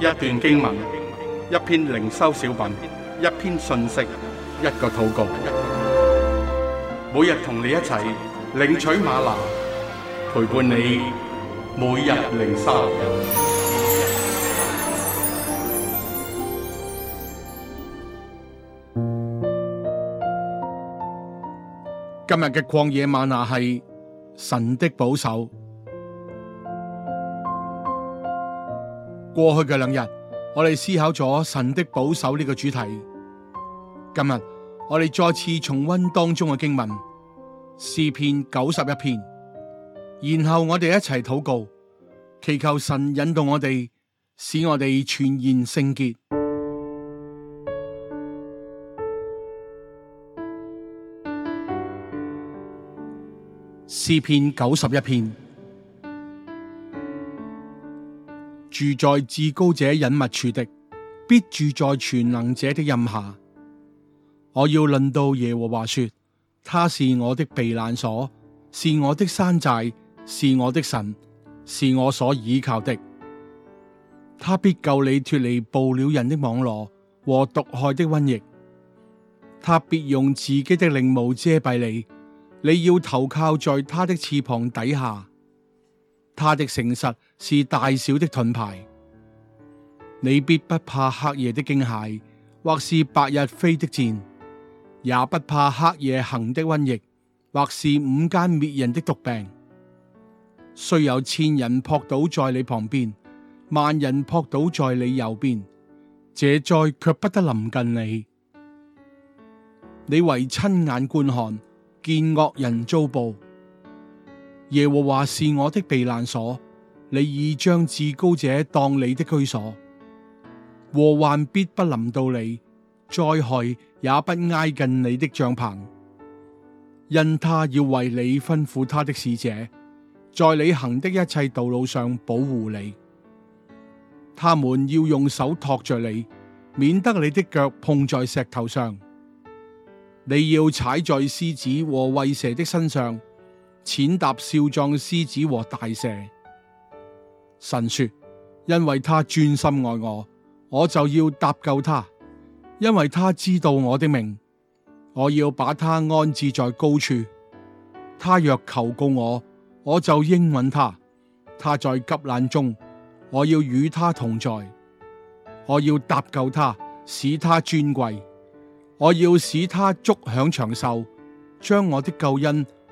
一段經文，一篇靈修小品，一篇信息，一個禱告。每日同你一齊領取嗎哪，陪伴你每日靈修。今日嘅曠野嗎哪係神的保守。過去嘅兩日，我哋思考咗神的保守呢個主題。今日我哋再次重溫當中嘅經文，詩篇九十一篇，然後我哋一齊禱告，祈求神引導我哋，使我哋全然聖潔。詩篇九十一篇。住在至高者隱密處的，必住在全能者的蔭下。我要論到耶和華說，他是我的避難所，是我的山寨，是我的神，是我所倚靠的。他必救你脱離捕鳥人的網羅和毒害的瘟疫。他必用自己的翎毛遮蔽你，你要投靠在他的翅膀底下。他的誠實是大小的盾牌，你必不怕黑夜的驚駭，或是白日飛的箭，也不怕黑夜行的瘟疫，或是午間滅人的毒病。雖有千人撲倒在你旁邊，萬人撲倒在你右邊，這災卻不得臨近你。你為親眼觀看，見惡人遭報。耶和華是我的避難所，你已將至高者當你的居所，禍患必不臨到你，災害也不挨近你的帳篷，因他要為你吩咐他的使者，在你行的一切道路上保護你，他們要用手托着你，免得你的腳碰在石頭上，你要踩在獅子和虺蛇的身上。踐踏少壯獅子和大蛇。神說：因為他專心愛我，我就要搭救他；因為他知道我的名，我要把他安置在高處。他若求告我，我就應允他；他在急難中，我要與他同在。我要搭救他，使他尊貴；我要使他足享長壽，將我的救恩。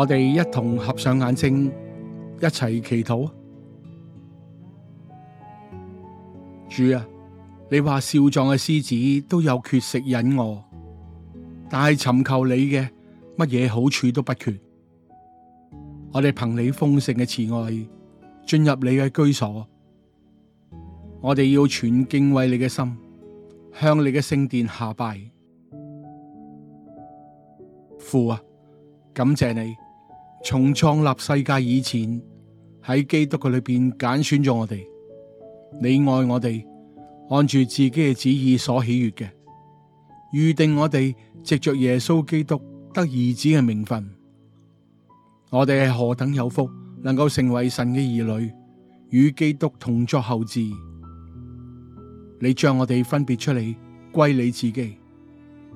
我哋一同合上眼睛，一齊祈禱。主啊，你話少壯嘅獅子都有缺食忍餓，但係尋求你嘅乜嘢好處都不缺。我哋憑你豐盛嘅慈愛進入你嘅居所，我哋要存敬畏你嘅心，向你嘅聖殿下拜。父啊，感謝你。從創立世界以前，喺基督嘅裏邊揀選咗我哋。你愛我哋，按住自己嘅旨意所喜悦嘅，預定我哋藉着耶穌基督得兒子嘅名分。我哋係何等有福，能夠成為神嘅兒女，與基督同作後嗣。你將我哋分別出嚟歸你自己，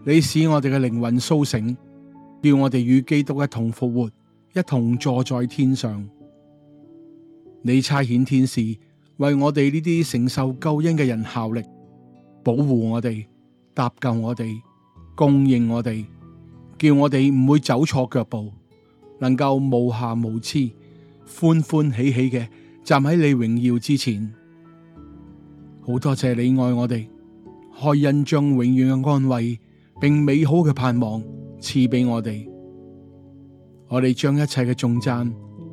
你使我哋嘅靈魂蘇醒，叫我哋與基督一同復活。一同坐在天上，你差遣天使為我哋呢啲承受救恩嘅人效力，保護我哋，搭救我哋，供應我哋，叫我哋唔會走錯腳步，能夠無瑕無疵，歡歡喜喜嘅站喺你榮耀之前。好多謝你愛我哋，開恩將永遠嘅安慰並美好嘅盼望賜俾我哋。我哋將一切嘅頌讚、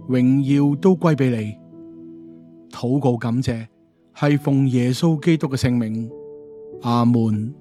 榮耀都歸俾你，禱告感謝，係奉耶穌基督嘅聖名，阿門。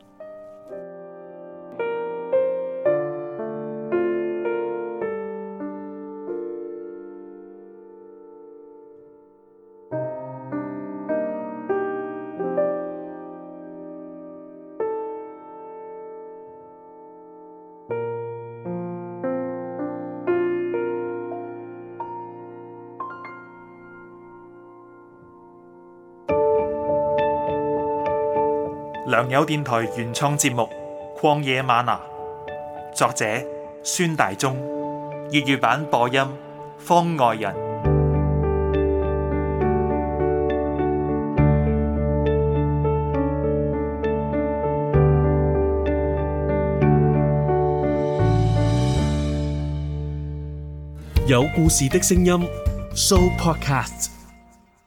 良友電台原創節目《曠野嗎哪》，作者孫大中，粵語版播音方外人，有故事的聲音，So Podcast。